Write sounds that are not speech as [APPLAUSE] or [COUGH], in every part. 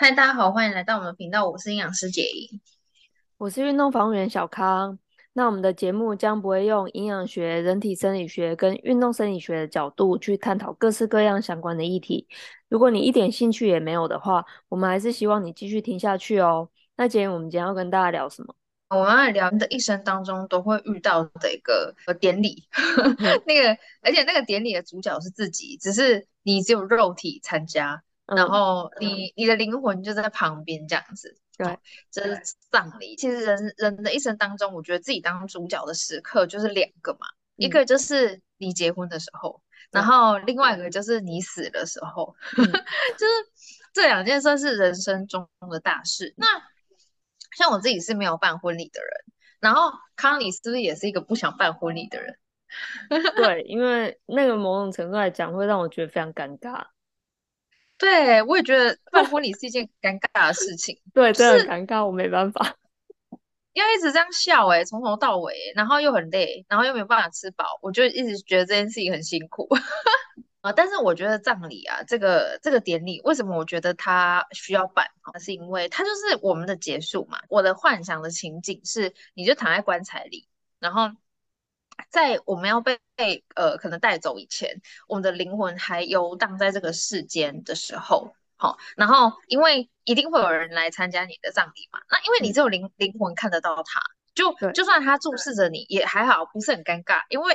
嗨，大家好，歡迎來到我們頻道。我是營養師姐瑩。我是運動防護員小康。那我們的節目將不會用營養學、人體生理學跟運動生理學的角度去探討各式各樣相關的議題。如果你一點興趣也沒有的話，我們還是希望你繼續聽下去哦。那今天我們今天要跟大家聊什麼？我們要聊你的一生當中都會遇到的一個典禮， [LAUGHS] [LAUGHS] 那個而且那個典禮的主角是自己，只是你只有肉體參加。然後你、嗯、你的靈魂就在旁邊這樣子，對，這是葬禮。對其實人人的一生當中，我覺得自己當主角的時刻就是兩個嘛，嗯、一個就是你結婚的時候，嗯、然後另外一個就是你死的時候，對嗯、 [LAUGHS] 就是這兩件事是人生中的大事。那像我自己是沒有辦婚禮的人，然後康裡是不是也是一個不想辦婚禮的人？對， [LAUGHS] 因為那個某種程度來講，會讓我覺得非常尷尬。對，我也覺得辦婚禮是一件尷尬的事情。 [LAUGHS] 對，真的尷尬，是我沒辦法，要一直這樣笑誒，從頭到尾誒，然後又很累，然後又沒有辦法吃飽，我就一直覺得這件事情很辛苦啊、 [LAUGHS] 呃。但是我覺得葬禮啊，這個這個典禮，為什麼我覺得它需要辦？那是因為它就是我們的結束嘛。我的幻想的情景是，你就躺在棺材裡，然後。在我們要被呃可能帶走以前，我們的靈魂還遊蕩在這個世間的時候，好、哦，然後因為一定會有人來參加你的葬禮嘛，那因為你只有靈、嗯、靈魂看得到他，就對就算他注視着你對也還好，不是很尷尬，因為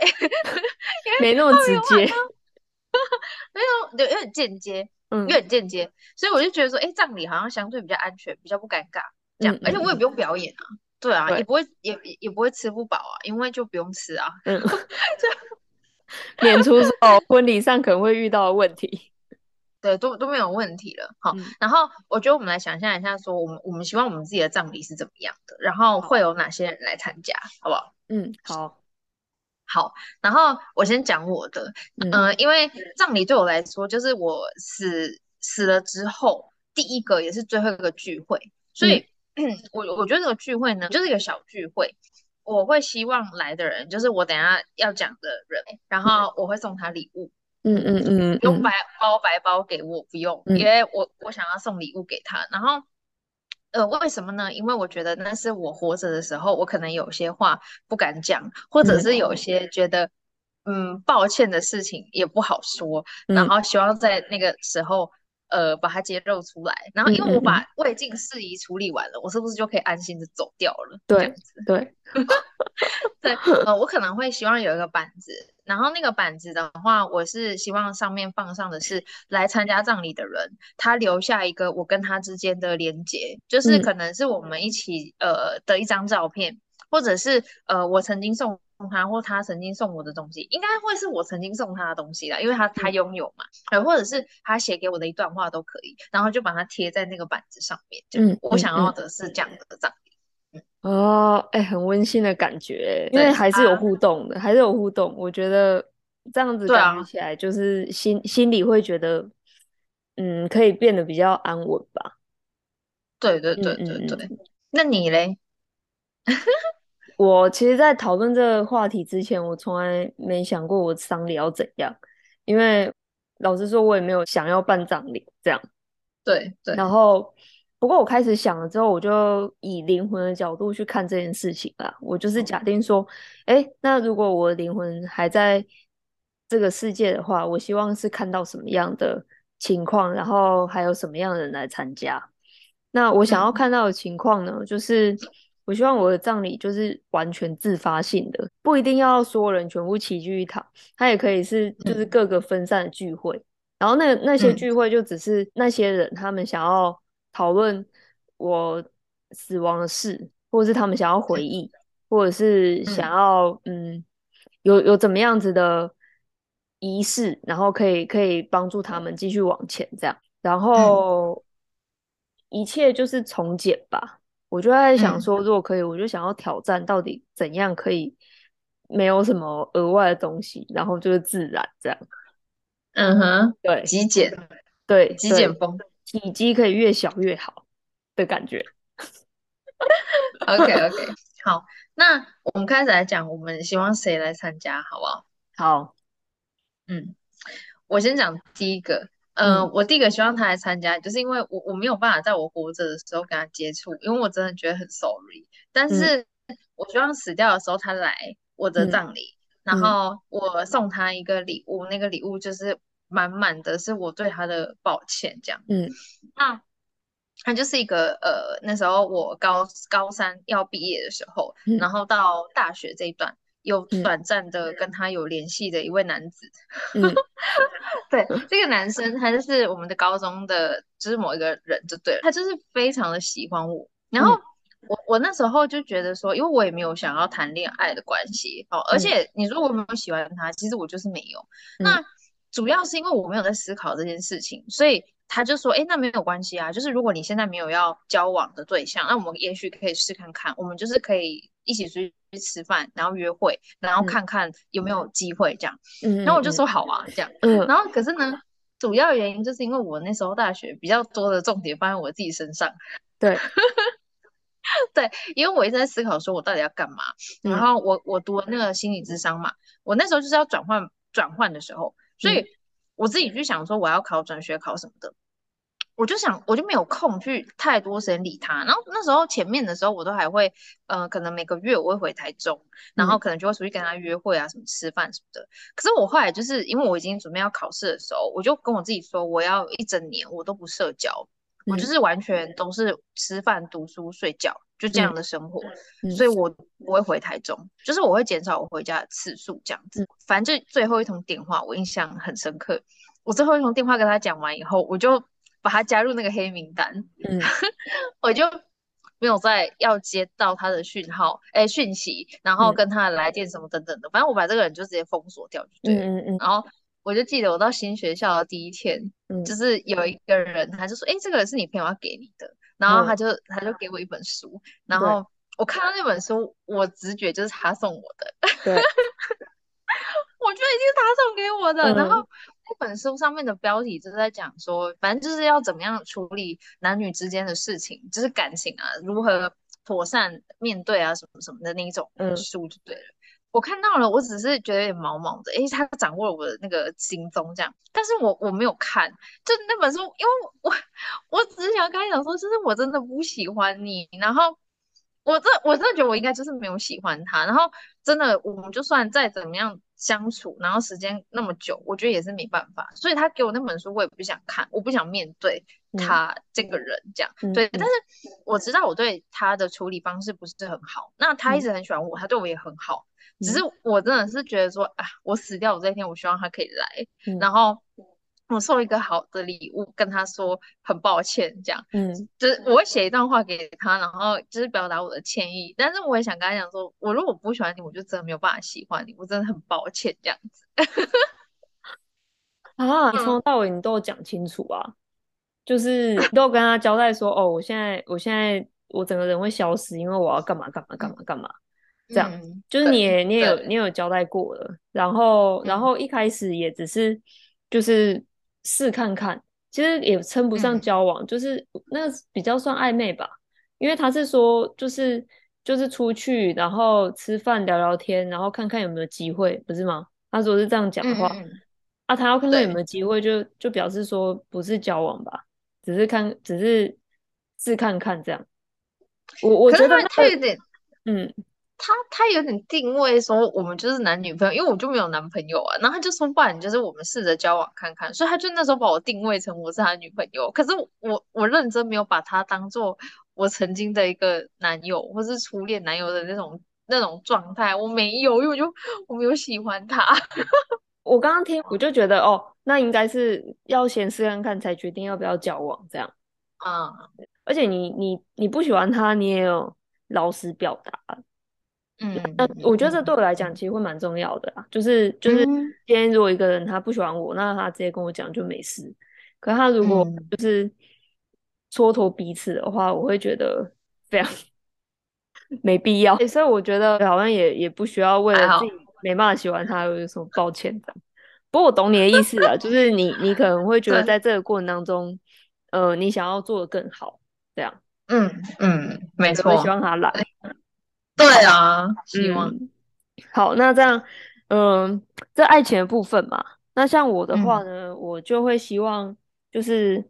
沒那麼直接， [LAUGHS] 沒有有有點間接，嗯，有點間接，所以我就覺得說，哎、欸，葬禮好像相對比較安全，比較不尷尬，這樣，而且我也不用表演啊。嗯嗯對啊，對，也不會也也不會吃不飽啊，因為就不用吃啊。嗯，免除哦婚禮上可能會遇到的問題，對，都都沒有問題了。好，嗯、然後我覺得我們來想象一下說，說我們我們希望我們自己的葬禮是怎麼樣的，然後會有哪些人來參加，好不好？嗯，好好。然後我先講我的，嗯、呃，因為葬禮對我來說，就是我死死了之後第一個也是最後一個聚會，嗯、所以。 [COUGHS] 我我覺得這個聚會呢，就是一個小聚會。我會希望來的人，就是我等下要講的人，然後我會送他禮物。嗯嗯嗯，嗯嗯用白包白包給我，不用，嗯、因為我我想要送禮物給他。然後，呃，為什麼呢？因為我覺得那是我活着的時候，我可能有些話不敢講，或者是有些覺得嗯，嗯抱歉的事情也不好說。嗯、然後希望在那個時候，呃，把它揭露出來，然後因為我把未盡事宜處理完了，嗯嗯我是不是就可以安心的走掉了？對，這樣子對， [LAUGHS] 對， [LAUGHS] 呃，我可能會希望有一個板子，然後那個板子的話，我是希望上面放上的是來參加葬禮的人，他留下一個我跟他之間的連結，就是可能是我們一起、嗯、呃的一張照片，或者是呃我曾經送。他或他曾經送我的東西，應該會是我曾經送他的東西啦，因為他他擁有嘛，哎、嗯，或者是他寫給我的一段話都可以，然後就把它貼在那個板子上面。嗯，我想要的是這樣子的葬禮、嗯。嗯嗯、哦，哎、欸，很溫馨的感覺，對因為還是有互動的，啊、還是有互動。我覺得這樣子講起來，就是心、啊、心裡會覺得，嗯，可以變得比較安穩吧。對對對對對，嗯、那你嘞？我其實，在討論這個話題之前，我從來沒想過我喪禮要怎樣，因為老實說，我也沒有想要辦葬禮這樣。對對。對，然後，不過我開始想了之後，我就以靈魂的角度去看這件事情了。我就是假定說，誒、嗯欸，那如果我的靈魂還在這個世界的話，我希望是看到什麼樣的情況，然後還有什麼樣的人來參加。那我想要看到的情況呢，嗯、就是。我希望我的葬禮就是完全自發性的，不一定要所有人全部齊聚一堂，它也可以是就是各個分散的聚會。然後那那些聚會就只是那些人他們想要討論我死亡的事，或者是他們想要回憶，或者是想要嗯有有怎麼樣子的儀式，然後可以可以幫助他們繼續往前這樣。然後一切就是從簡吧。我就在想說，如果可以，嗯、我就想要挑戰，到底怎樣可以沒有什麼額外的東西，然後就是自然這樣。嗯哼，對，極簡，對，極簡風，體積可以越小越好的感覺。OK，OK，okay, okay. [LAUGHS] 好，那我們開始來講，我們希望誰來參加，好不好？好，嗯，我先講第一個。嗯、呃，我第一個希望他來參加，嗯、就是因為我我沒有辦法在我活着的時候跟他接觸，因為我真的覺得很 sorry。但是我希望死掉的時候他來我的葬禮，嗯、然後我送他一個禮物，嗯、那個禮物就是滿滿的是我對他的抱歉，這樣。嗯，那他就是一個，呃，那時候我高高三要畢業的時候，嗯、然後到大學這一段，有短暫的、嗯、跟他有聯繫的一位男子，嗯、 [LAUGHS] 對，這個男生，他就是我們的高中的，就是某一個人，就對了。他就是非常的喜歡我，然後、嗯、我我那時候就覺得說，因為我也沒有想要談戀愛的關係哦，而且、嗯、你說我有沒有喜歡他，其實我就是沒有。嗯、那主要是因為我沒有在思考這件事情，所以。他就說：“哎、欸，那沒有關係啊，就是如果你現在沒有要交往的對象，那我們也許可以試看看，我們就是可以一起出去吃飯，然後約會，然後看看有沒有機會這樣。嗯，然後我就說好啊，這樣。嗯，然後可是呢，主要原因就是因為我那時候大學比較多的重點放在我自己身上，對， [LAUGHS] 對，因為我一直在思考說我到底要幹嘛。嗯、然後我我讀那個心理智商嘛，我那時候就是要轉換轉換的時候，所以我自己就想說我要考轉學考什麼的。”我就想，我就沒有空去太多時間理他。然後那時候前面的時候，我都還會，呃，可能每個月我會回台中，然後可能就會出去跟他約會啊，什麼吃飯什麼的。嗯、可是我後來就是因為我已經準備要考試的時候，我就跟我自己說，我要一整年我都不社交，嗯、我就是完全都是吃飯、對讀書、睡覺，就這樣的生活。嗯、所以我不會回台中，就是我會減少我回家的次數這樣子。嗯、反正就最後一通電話，我印象很深刻。我最後一通電話跟他講完以後，我就。把他加入那個黑名單，嗯， [LAUGHS] 我就沒有再要接到他的訊號，誒、欸、訊息，然後跟他的來電什麼等等的，嗯、反正我把這個人就直接封鎖掉就對了嗯嗯嗯然後我就記得我到新學校的第一天，嗯、就是有一個人他就說，誒、欸、這個是你朋友要給你的，然後他就、嗯、他就給我一本書，然後我看到那本書，我直覺就是他送我的， [LAUGHS] 對 [LAUGHS] 我覺得一定是他送給我的，嗯、然後。本書上面的標題就是在講說，反正就是要怎麼樣處理男女之間的事情，就是感情啊，如何妥善面對啊，什麼什麼的那一種書就對了。嗯、我看到了，我只是覺得有點毛毛的，為、欸、他掌握了我的那個行蹤這樣，但是我我沒有看，就那本書，因為我我，我只是想跟你講說，就是我真的不喜歡你，然後我這我真的覺得我應該就是沒有喜歡他，然後真的我們就算再怎麼樣。相處，然後時間那麼久，我覺得也是沒辦法，所以他給我那本書，我也不想看，我不想面對他這個人，這樣、嗯、對。嗯嗯、但是我知道我對他的處理方式不是很好，那他一直很喜歡我，嗯、他對我也很好，只是我真的是覺得說，啊、嗯，我死掉我這一天，我希望他可以來，嗯、然後。我送一個好的禮物，跟他說很抱歉，這樣，嗯，就是我會寫一段話給他，然後就是表達我的歉意。但是我也想跟他講說，我如果不喜歡你，我就真的沒有辦法喜歡你，我真的很抱歉，這樣子。 [LAUGHS] 啊，你從頭到尾你都有講清楚啊，嗯、就是你都有跟他交代說，哦，我現在我現在我整個人會消失，因為我要幹嘛幹嘛幹嘛幹嘛這樣子，嗯、這樣，就是你也對你也有對你也有交代過了，然後然後一開始也只是就是。試看看，其實也稱不上交往，嗯、就是那比較算曖昧吧，因為他是說，就是就是出去，然後吃飯聊聊天，然後看看有沒有機會，不是嗎？他說是這樣講的話，嗯、啊，他要看看有沒有機會就，對就就表示說不是交往吧，只是看，只是試看看這樣。我我覺得他，他嗯。他他有點定位說我們就是男女朋友，因為我就沒有男朋友啊，然後他就說不然就是我們試着交往看看，所以他就那時候把我定位成我是他女朋友。可是我我認真沒有把他當做我曾經的一個男友或是初戀男友的那種那種狀態，我沒有，因為我就我沒有喜歡他。 [LAUGHS] 我剛剛聽我就覺得哦，那應該是要先試看看才決定要不要交往這樣啊。嗯。而且你你你不喜歡他，你也有老實表達。嗯，那我覺得這對我來講其實會蠻重要的、嗯、就是就是，今天如果一個人他不喜歡我，那他直接跟我講就沒事。可他如果就是蹉跎彼此的話，嗯、我會覺得非常沒必要。 [LAUGHS] 所以我覺得好像也也不需要為了自己沒辦法喜歡他有什麼抱歉的。好不過我懂你的意思啊， [LAUGHS] 就是你你可能會覺得在這個過程當中，對呃，你想要做的更好，這樣。嗯嗯，沒錯。我希望他來。對啊，希望、嗯。好，那這樣，嗯、呃，在愛情的部分嘛，那像我的話呢，嗯、我就會希望，就是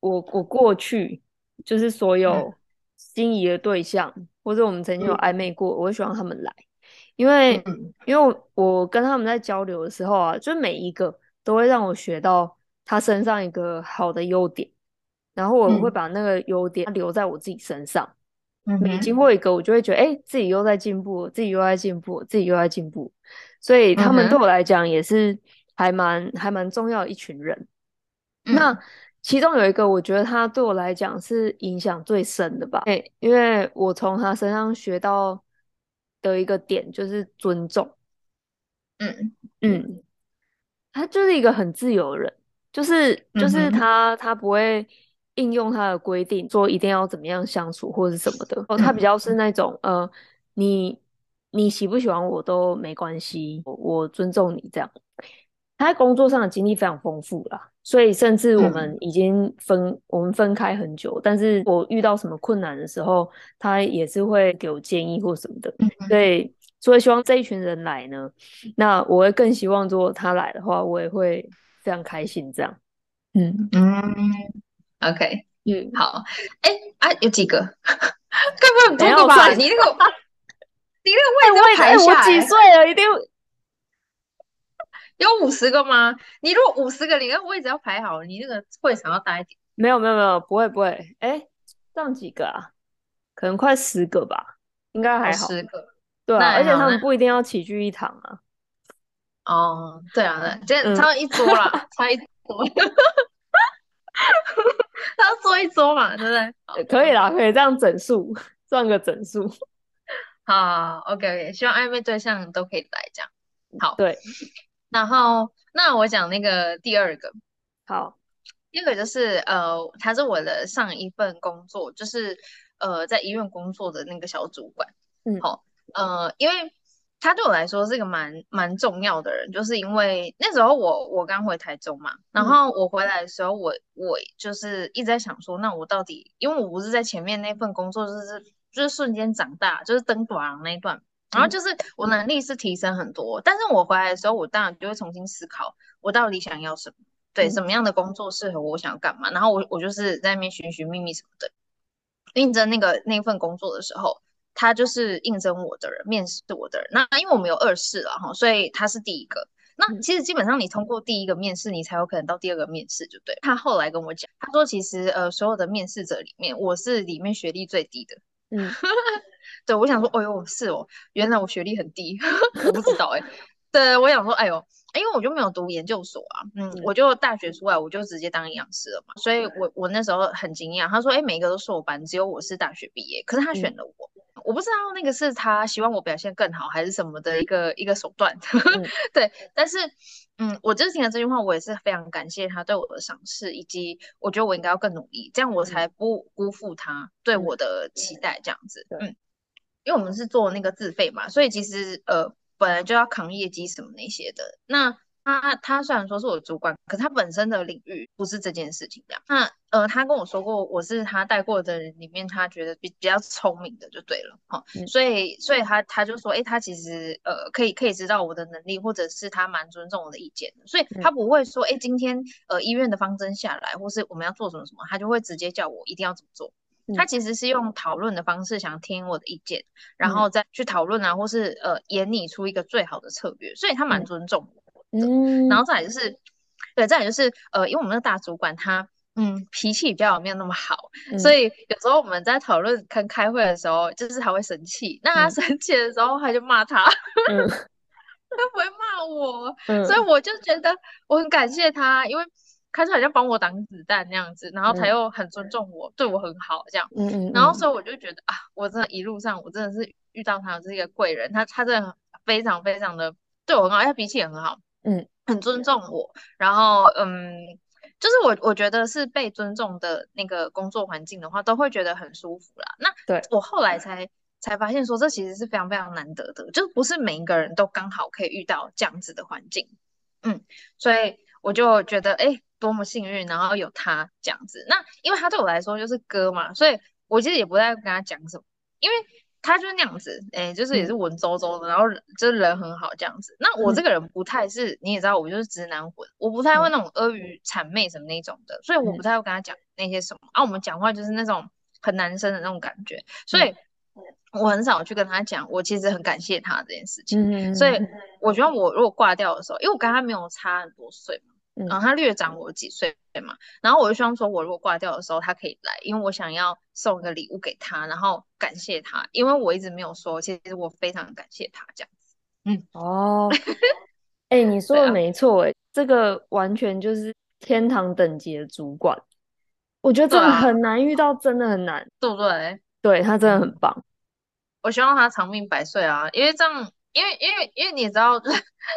我我過去就是所有心儀的對象，嗯、或者我們曾經有曖昧過，嗯、我會希望他們來，因為、嗯、因為我跟他們在交流的時候啊，就每一個都會讓我學到他身上一個好的優點，然後我會把那個優點留在我自己身上。嗯每經過一個，我就會覺得，哎、欸，自己又在進步，自己又在進步，自己又在進步。所以他們對我來講也是還蠻還蠻重要的一群人。那其中有一個，我覺得他對我來講是影響最深的吧？嗯、因為我從他身上學到的一個點就是尊重。嗯嗯，他就是一個很自由的人，就是就是他、嗯哼、他不會。應用他的規定做，說一定要怎麼樣相處或者是什麼的哦。他比較是那種呃，你你喜不喜歡我都沒關係，我我尊重你這樣。他在工作上的經歷非常豐富啦，所以甚至我們已經分、嗯、我們分開很久，但是我遇到什麼困難的時候，他也是會給我建議或什麼的。所以，所以希望這一群人來呢，那我會更希望如果他來的話，我也會非常開心這樣。嗯嗯。OK，嗯，好，哎、欸、啊，有幾個？根本沒有吧？要怕你那個，啊、你那個位置排下、欸欸、我幾歲了？一定有五十個嗎？你如果五十個，你那個位置要排好，你那個會場要大一點。沒有沒有沒有，不會不會。哎、欸，剩幾個啊？可能快十個吧，應該還好。十個，對啊，而且他們不一定要齊聚一堂啊。哦、oh, 啊，對啊，對啊，今天、嗯、差不多一桌了， [LAUGHS] 差一桌。 [LAUGHS] [LAUGHS] 他要說一說嘛，對不對？可以啦，可以這樣整數，算個整數。好 okay，OK，希望曖昧對象都可以來講。好，對。然後，那我講那個第二個。好，第一個就是呃，他是我的上一份工作，就是呃，在醫院工作的那個小主管。嗯，好，呃，因為。他對我來說是一個蠻蠻重要的人，就是因為那時候我我剛回台中嘛，然後我回來的時候我，我我就是一直在想說，那我到底因為我不是在前面那份工作，就是就是瞬間長大，就是登短那一段，然後就是我能力是提升很多，但是我回來的時候，我當然就會重新思考，我到底想要什麼，對，什麼樣的工作適合我，我想要幹嘛，然後我我就是在那邊尋尋覓覓什麼的，應徵那個那份工作的時候。他就是應徵我的人，面試我的人。那因為我們有二試了哈，所以他是第一個。那其實基本上你通過第一個面試，你才有可能到第二個面試，就對。他後來跟我講，他說其實呃，所有的面試者裡面，我是裡面學歷最低的。嗯， [LAUGHS] 對，我想說，哎呦，是哦，原來我學歷很低，我不知道哎。 [LAUGHS] 對，我想說，哎呦，因為我就沒有讀研究所啊，嗯，我就大學出來，我就直接當營養師了嘛，對所以我，我我那時候很驚訝，他說，哎、欸，每一個都是碩班，只有我是大學畢業，可是他選了我，嗯，我不知道那個是他希望我表現更好還是什麼的一個、欸、一個手段，嗯、 [LAUGHS] 對，但是，嗯，我真心的這句話，我也是非常感謝他對我的賞識，以及我覺得我應該要更努力，這樣我才不辜負他對我的期待，這樣子，嗯。嗯，對，因為我們是做那個自費嘛，所以其實，呃。本來就要扛業績什麼那些的，那他他雖然說是我主管，可是他本身的領域不是這件事情的。那呃，他跟我說過，我是他帶過的人裡面，他覺得比比較聰明的就對了哈、嗯。所以所以他他就說，哎、欸，他其實呃可以可以知道我的能力，或者是他蠻尊重我的意見。所以他不會說，哎、嗯欸，今天呃醫院的方針下來，或是我們要做什麼什麼，他就會直接叫我一定要怎麼做。他其實是用討論的方式，想聽我的意見，嗯、然後再去討論啊，或是呃演你出一個最好的策略，所以他蠻尊重我的。嗯、然後再來就是，對，再來就是呃，因為我們的大主管他嗯脾氣比較有沒有那麼好，嗯、所以有時候我們在討論跟開會的時候，就是他會生氣。那他生氣的時候，他就罵他，嗯、 [LAUGHS] 他不會罵我，嗯、所以我就覺得我很感謝他，因為。開始好像幫我擋子彈那樣子，然後他又很尊重我，嗯、對我很好這樣。嗯嗯。然後所以我就覺得啊，我真的一路上我真的是遇到他就是一個貴人，他他真的非常非常的對我很好，哎、他脾氣也很好，嗯，很尊重我。對，然後嗯，就是我我覺得是被尊重的那個工作環境的話，都會覺得很舒服啦。那對我後來才對才發現說，這其實是非常非常難得的，就不是每一個人都剛好可以遇到這樣子的環境。嗯，所以。對嗯我就覺得哎、欸，多麼幸運，然後有他這樣子。那因為他對我來說就是哥嘛，所以我其實也不太會跟他講什麼，因為他就是那樣子，哎、欸，就是也是文縐縐的，嗯、然後人就是人很好這樣子。那我這個人不太是，你也知道，我就是直男魂，嗯、我不太會那種阿諛諂媚什麼那種的，嗯、所以我不太會跟他講那些什麼啊。我們講話就是那種很男生的那種感覺，所以我我很少去跟他講，我其實很感謝他這件事情。嗯、所以我覺得我如果掛掉的時候，因為我跟他沒有差很多歲嘛。然後他略長我幾歲嘛，嗯、然後我就希望說，我如果掛掉的時候，他可以來，因為我想要送一個禮物給他，然後感謝他，因為我一直沒有說，其實我非常感謝他這樣子。嗯，哦，哎、 [LAUGHS] 欸，你說的沒錯、欸，哎、啊，這個完全就是天堂等級的主管，我覺得這個很難遇到，啊、真的很難，對不對？對，他真的很棒，我希望他長命百歲啊，因為這樣。因為因為因為你知道，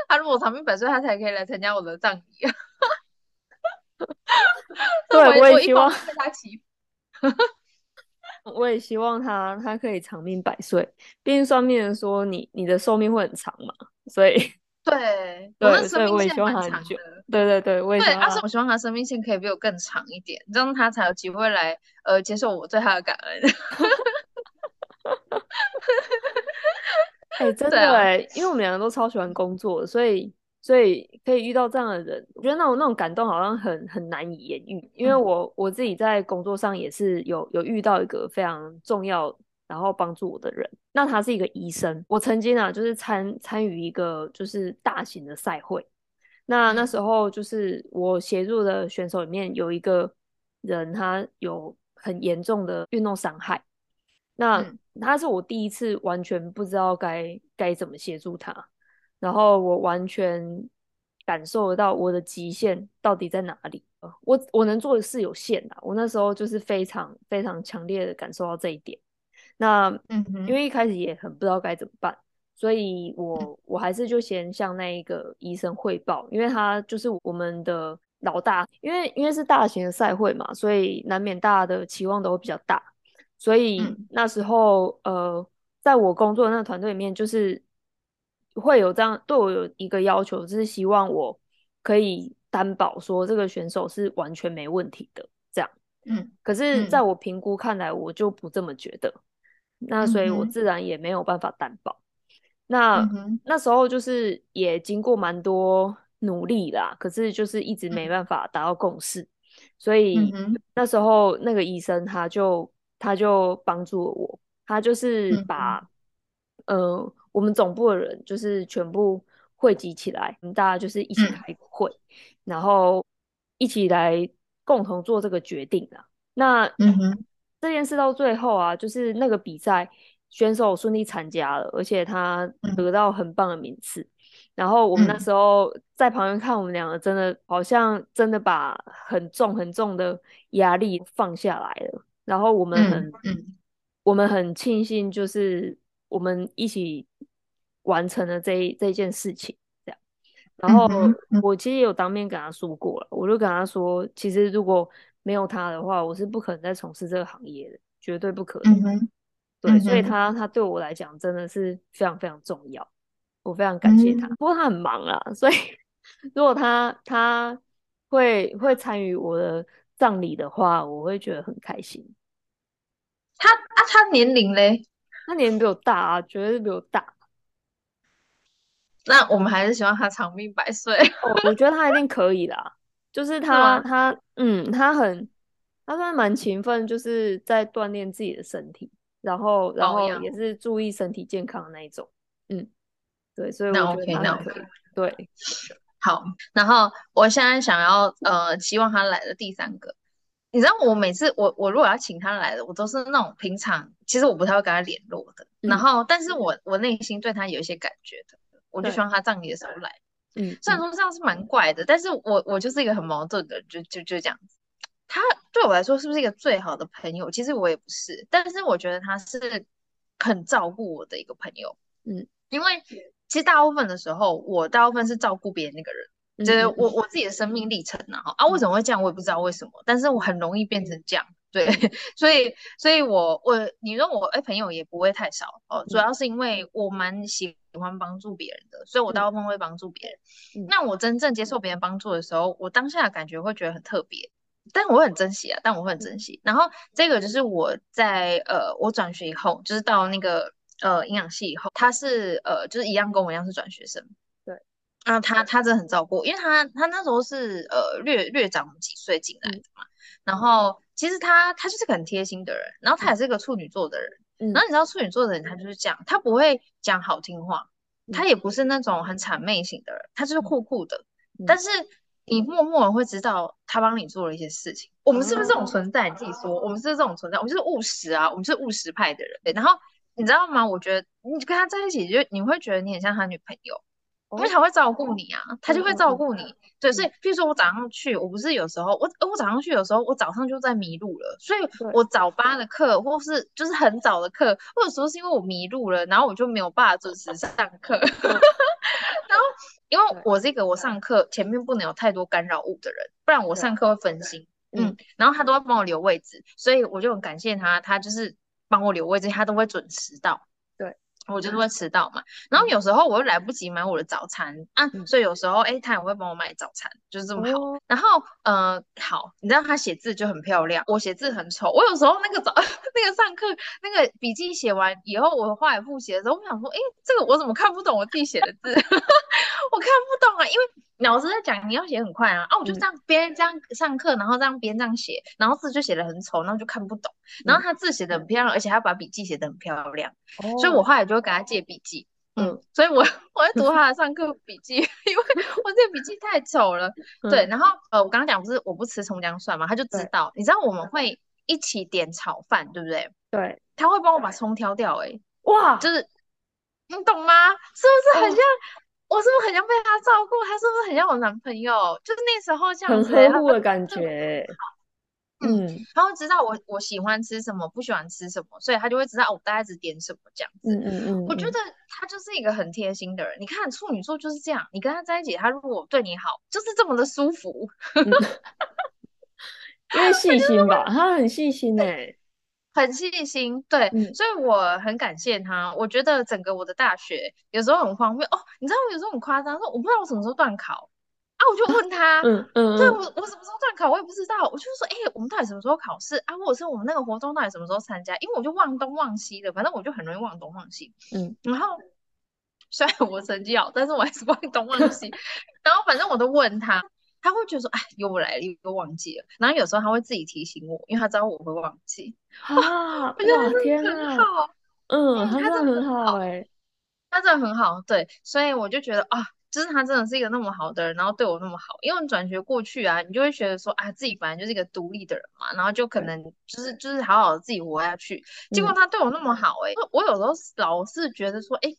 他如果長命百歲，他才可以來參加我的葬禮。 [LAUGHS] 對，我也希望他我也希望他他可以長命百歲。畢竟算命人說你，你你的壽命會很長嘛。所以，對，我那對生命線蠻長的。對對對，我也對、啊、是我希望他的生命線可以比我更長一點，這樣他才有機會來呃接受我對他的感恩。 [LAUGHS] [LAUGHS] 哎，真的哎，對啊。因為我們兩個都超喜歡工作，所以所以可以遇到這樣的人，我覺得那種那種感動好像很很難以言喻。因為我我自己在工作上也是有有遇到一個非常重要、然後幫助我的人，那他是一個醫生。我曾經啊，就是參參與一個就是大型的賽會，那那時候就是我協助的選手裡面有一個人，他有很嚴重的運動傷害，那。嗯他是我第一次完全不知道該該怎麼協助他，然後我完全感受得到我的極限到底在哪裡。我我能做的事有限的，我那時候就是非常非常強烈的感受到這一點。那嗯哼，因為一開始也很不知道該怎麼辦，所以我我還是就先向那一個醫生匯報，因為他就是我們的老大，因為因為是大型的賽會嘛，所以難免大家的期望都會比較大。所以那時候，嗯、呃，在我工作的那個團隊裡面，就是會有這樣對我有一個要求，就是希望我可以擔保說這個選手是完全沒問題的，這樣。嗯。可是，在我評估看來，我就不這麼覺得。嗯、那所以，我自然也沒有辦法擔保。嗯哼，那、嗯哼，那時候就是也經過蠻多努力啦，可是就是一直沒辦法達到共識。嗯哼，所以那時候那個醫生他就。他就幫助了我，他就是把，嗯、呃，我們總部的人就是全部匯集起來，我們大家就是一起開會，嗯、然後一起來共同做這個決定的。那、嗯、哼這件事到最後啊，就是那個比賽選手順利參加了，而且他得到很棒的名次。嗯、然後我們那時候、嗯、在旁邊看，我們兩個真的好像真的把很重很重的壓力放下來了。然後我們很，嗯嗯、我們很慶幸，就是我們一起完成了這一這件事情。這樣，然後我其實有當面跟他說過了，我就跟他說，其實如果沒有他的話，我是不可能再從事這個行業的，絕對不可能。嗯嗯、對，所以他他對我來講真的是非常非常重要，我非常感謝他。嗯、不過他很忙啊，所以如果他他會會參與我的葬禮的話，我會覺得很開心。他啊，他年齡嘞，他年齡比我大，啊，絕對比我大。那我們還是希望他長命百歲。 [LAUGHS] oh, 我覺得他一定可以的，就是他是嗎他嗯，他很，他算是蠻勤奮，就是在鍛鍊自己的身體，然後然後也是注意身體健康的那一種。Oh. 嗯，對，所以我覺得他可以。那 OK, 那 OK 對。好，然後我現在想要呃，希望他來的第三個，你知道我每次我我如果要請他來的，我都是那種平常其實我不太會跟他聯絡的，嗯、然後但是我我內心對他有一些感覺的，對我就希望他葬禮的時候來，嗯，雖然說這樣是蠻怪的，但是我我就是一個很矛盾的，就就就這樣子。他對我來說是不是一個最好的朋友？其實我也不是，但是我覺得他是很照顧我的一個朋友，嗯，因為。其實大部分的時候，我大部分是照顧別人那個人，就是我我自己的生命歷程呢？啊，為什麼會這樣，嗯啊、，我也不知道為什麼，但是我很容易變成這樣，對， [LAUGHS] 所以所以我我你問我誒、欸、朋友也不會太少哦，主要是因為我蠻喜歡幫助別人的，所以我大部分會幫助別人。嗯、那我真正接受別人幫助的時候，我當下感覺會覺得很特別，但我很珍惜啊，但我會很珍惜。嗯、然後這個就是我在呃，我轉學以後，就是到那個。呃，營養系以後，他是呃，就是一樣跟我一樣是轉學生。對，那他他真的很照顧，因為他他那時候是呃略略長幾歲進來的嘛。嗯、然後其實他他就是個很貼心的人，然後他也是個處女座的人。嗯、然後你知道處女座的人他就是這樣，他不會講好聽話，他也不是那種很諂媚型的人，他就是酷酷的。嗯、但是你默默會知道他幫你做了一些事情。嗯、我們是不是這種存在？你自己說，嗯、我們是不是這種存在？我們是不是務實啊，我們是務實派的人。對，然後。你知道嗎？我覺得你跟他在一起，就你會覺得你很像他女朋友，因為他會照顧你啊，他就會照顧你。對，所以譬如說我早上去，我不是有時候我，我早上去有時候我早上就在迷路了，所以我早八的課或是就是很早的課，或者說是因為我迷路了，然後我就沒有辦法準時上課。 [LAUGHS] 然後因為我這個我上課前面不能有太多干擾物的人，不然我上課會分心。嗯，然後他都要幫我留位置，所以我就很感謝他，他就是。幫我留位置，他都會準時到。對，我就是會遲到嘛。嗯、然後有時候我又來不及買我的早餐，嗯、啊，所以有時候哎，他也會幫我買早餐，就是這麼好。哦，喲然後，嗯、呃，好，你知道他寫字就很漂亮，我寫字很醜。我有時候那個早那個上課那個筆記寫完以後，我畫復寫的時候，我想說，哎，這個我怎麼看不懂我自己寫的字？ [LAUGHS] [LAUGHS] 我看不懂啊，因為。老師在講，你要寫很快啊！啊，我就這樣，邊這樣上課，然後這樣邊這樣寫，然後字就寫的很醜，然後就看不懂。然後他字寫的很漂亮，而且他把筆記寫的很漂亮，所以我後來就會給他借筆記。嗯，所以我我在讀他的上課筆記，因為我這筆記太醜了。對，然後呃，我剛剛講不是我不吃蔥薑蒜嘛，他就知道，你知道我們會一起點炒飯，對不對？對，他會幫我把蔥挑掉。哎，哇，就是你懂嗎？是不是很像？我是不是很像被他照顧？他是不是很像我男朋友？就是那時候這樣很呵護的感覺。嗯，嗯，他會知道我我喜歡吃什麼，不喜歡吃什麼，所以他就會知道我大概只點什麼這樣子。嗯嗯嗯，我覺得他就是一個很貼心的人。你看處女座就是這樣，你跟他在一起，他如果對你好，就是這麼的舒服。嗯、 [LAUGHS] 因為細心吧， [LAUGHS] 他很細心哎、欸。很細心，對，嗯、所以我很感謝他。我覺得整個我的大學有時候很方便哦，你知道我有時候很誇張，說我不知道我什麼時候段考啊，我就問他，嗯嗯，嗯嗯對，我我什麼時候段考，我也不知道，我就說哎、欸，我們到底什麼時候考試啊？或者是我們那個活動到底什麼時候參加？因為我就忘東忘西的，反正我就很容易忘東忘西，嗯，然後雖然我成績好，但是我還是忘東忘西， [LAUGHS] 然後反正我都問他。他會覺得說，哎，又不來了，又又忘記了。然後有時候他會自己提醒我，因為他知道我會忘記。啊、哇，哇，很好、啊、嗯，嗯，他真的很好哎，嗯、他，真好，他真的很好。對，所以我就覺得啊，就是他真的是一個那麼好的人，然後對我那麼好。因為你轉學過去啊，你就會覺得說，啊，自己本來就是一個獨立的人嘛，然後就可能就是對就是好好的自己活下去。結果他對我那麼好、欸，哎、嗯，我有時候老是覺得說，哎、欸，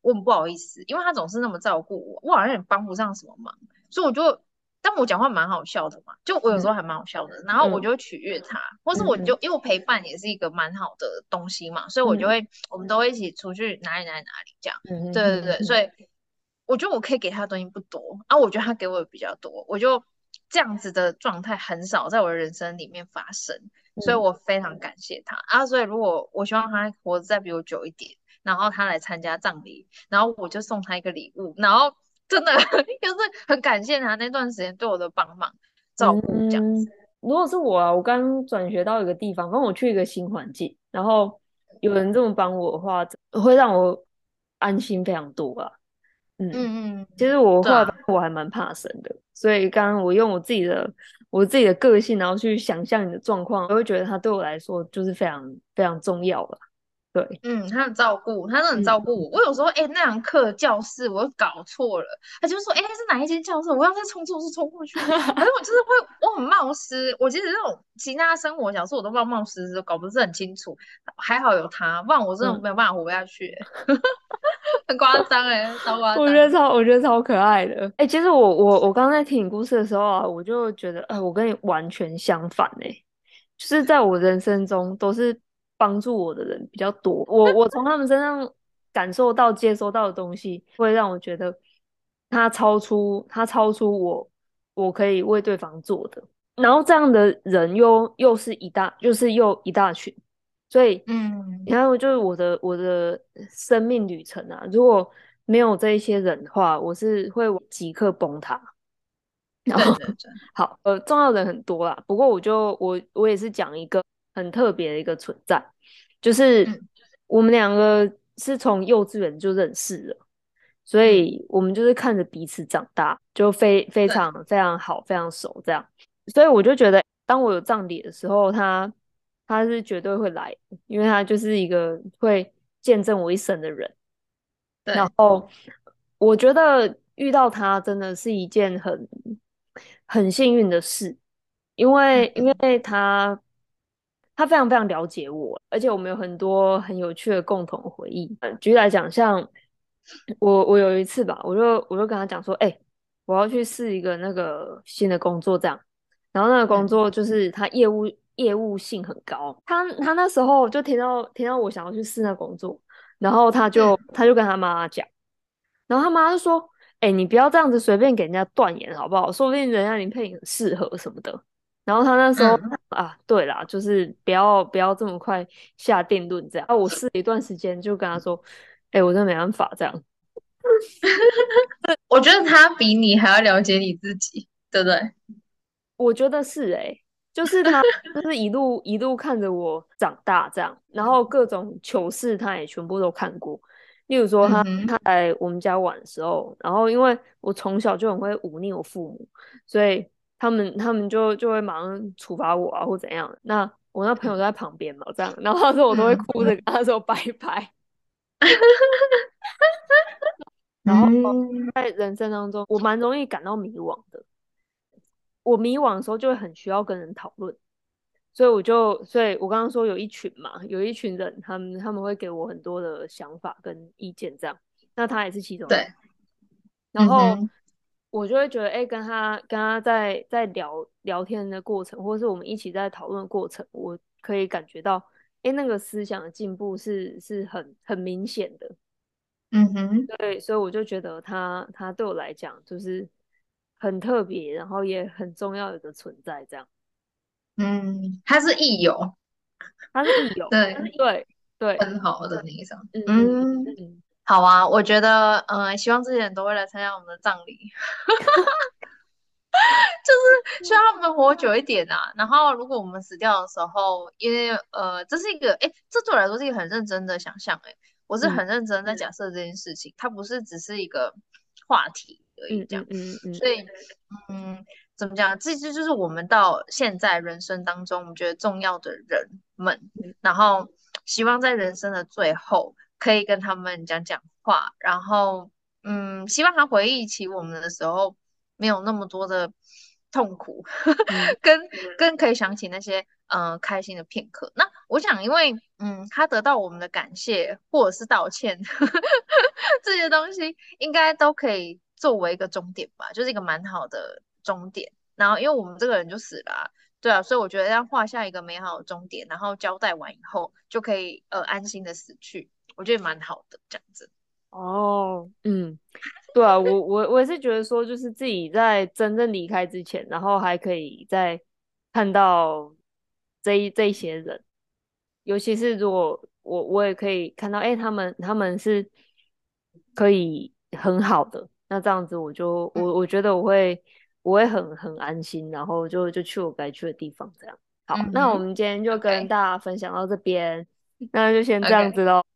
我很不好意思，因為他總是那麼照顧我，我好像也幫不上什麼忙，所以我就。但我講話蠻好笑的嘛，就我有時候還蠻好笑的，嗯、然後我就取悅他，嗯、或是我就因為我陪伴也是一個蠻好的東西嘛，嗯、所以我就會、嗯、我們都會一起出去哪裡哪裡哪裡這樣，嗯、對對對，嗯、所以我覺得我可以給他的東西不多啊，我覺得他給我的比較多，我就這樣子的狀態很少在我的人生裡面發生，所以我非常感謝他、嗯、啊，所以如果我希望他活得再比我久一點，然後他來參加葬禮，然後我就送他一個禮物，然後。真的就是很感謝他那段時間對我的幫忙照顧這樣子、嗯。如果是我啊，我剛轉學到一個地方，跟我去一個新環境，然後有人這麼幫我的話，會讓我安心非常多啊。嗯嗯嗯，其實我畫我還蠻怕生的，啊、所以剛剛我用我自己的我自己的個性，然後去想象你的狀況，我會覺得他對我來說就是非常非常重要了。對，嗯，他很照顧，他真的很照顧我。是我有時候，哎、欸，那堂課教室我搞錯了，他就說，哎、欸，是哪一間教室？我要再衝錯是衝過去了。反正 [LAUGHS] 我就是會，我很冒失。我其實這種其他生活小事我都冒冒失失，搞不是很清楚。還好有他，不然我真的沒有辦法活下去。嗯、 [LAUGHS] 很誇張哎，超誇張！我覺得超，我覺得超可愛的。哎、欸，其實我我我剛在聽你故事的時候啊，我就覺得，哎、呃，我跟你完全相反哎、欸，就是在我人生中都是。幫助我的人比較多，我我從他們身上感受到、 [LAUGHS] 接收到的東西，會讓我覺得他超出，他超出我我可以為對方做的。然後這樣的人又又是一大，就是又一大群。所以，嗯，你看，就是我的我的生命旅程啊，如果沒有這一些人的話，我是會即刻崩塌。然後 [LAUGHS] 對對對，好，呃，重要的人很多啦，不過我就我我也是講一個。很特別的一個存在，就是我們兩個是從幼稚園就認識了，所以我們就是看着彼此長大，就非非常非常好，非常熟這樣。所以我就覺得，當我有葬禮的時候，他他是絕對會來，因為他就是一個會見證我一生的人。然後我覺得遇到他真的是一件很很幸運的事，因為因為他。他非常非常了解我，而且我們有很多很有趣的共同回憶。舉例、嗯、來講，像我我有一次吧，我就我就跟他講說，哎、欸，我要去試一個那個新的工作，這樣。然後那個工作就是他業務、嗯、業務性很高。他他那時候就聽到聽到我想要去試那工作，然後他就、嗯、他就跟他媽媽講，然後他媽就說，哎、欸，你不要這樣子隨便給人家斷言好不好？說不定人家林佩很適合什麼的。然後他那時候、嗯、啊，對啦，就是不要不要這麼快下定論這樣。啊，我試了一段時間，就跟他說，哎、欸，我真的沒辦法這樣。 [LAUGHS] 我覺得他比你還要了解你自己，對不對？我覺得是哎、欸，就是他就是一路 [LAUGHS] 一路看着我長大這樣，然後各種糗事他也全部都看過。例如說，他他在我們家玩的時候，嗯、哼然後因為我從小就很會忤逆我父母，所以。他們他們就就會馬上處罰我啊，或怎樣的？那我那朋友都在旁邊嘛，嗯、這樣，然後他說我都會哭着跟他說拜拜。嗯、 [LAUGHS] 然後在人生當中，我蠻容易感到迷惘的。我迷惘的時候，就會很需要跟人討論。所以我就，所以我剛剛說有一群嘛，有一群人，他們他們會給我很多的想法跟意見，這樣。那他也是其中。對。然後。嗯我就會覺得，哎、欸，跟他跟他在在聊聊天的過程，或是我們一起在討論的過程，我可以感覺到，哎、欸，那個思想的進步是是很很明顯的。嗯哼，對，所以我就覺得他他對我來講就是很特別，然後也很重要的存在這樣。嗯，他是益友，他是益友，對對 [LAUGHS] 對，對對很好的那一種，嗯。嗯好啊，我覺得，嗯、呃，希望這些人都會來參加我們的葬禮， [LAUGHS] 就是希望他們活久一點啊。嗯、然後，如果我們死掉的時候，因為，呃，這是一個，誒這對我來說是一個很認真的想象、欸，誒我是很認真在假設這件事情，嗯、它不是只是一個話題而已這樣。嗯嗯嗯。所以，嗯，怎麼講？這就就是我們到現在人生當中，我們覺得重要的人們，然後希望在人生的最後。可以跟他們講講話，然後，嗯，希望他回憶起我們的時候，沒有那麼多的痛苦，跟跟、嗯、 [LAUGHS] 可以想起那些，嗯、呃，開心的片刻。那我想，因為，嗯，他得到我們的感謝或者是道歉 [LAUGHS] 這些東西，應該都可以作為一個終點吧，就是一個蠻好的終點。然後，因為我們這個人就死了、啊，對啊，所以我覺得要畫下一個美好的終點，然後交代完以後，就可以，呃，安心的死去。我覺得蠻好的，這樣子哦，oh, 嗯，對啊，我我我也是覺得說，就是自己在真正離開之前， [LAUGHS] 然後還可以再看到這一這一些人，尤其是如果我我，我也可以看到，哎、欸，他們他們是可以很好的，那這樣子我就我我覺得我會我會很很安心，然後就就去我該去的地方，這樣。好，mm hmm. 那我們今天就跟大家分享到這邊，Okay. 那就先這樣子嘍。Okay.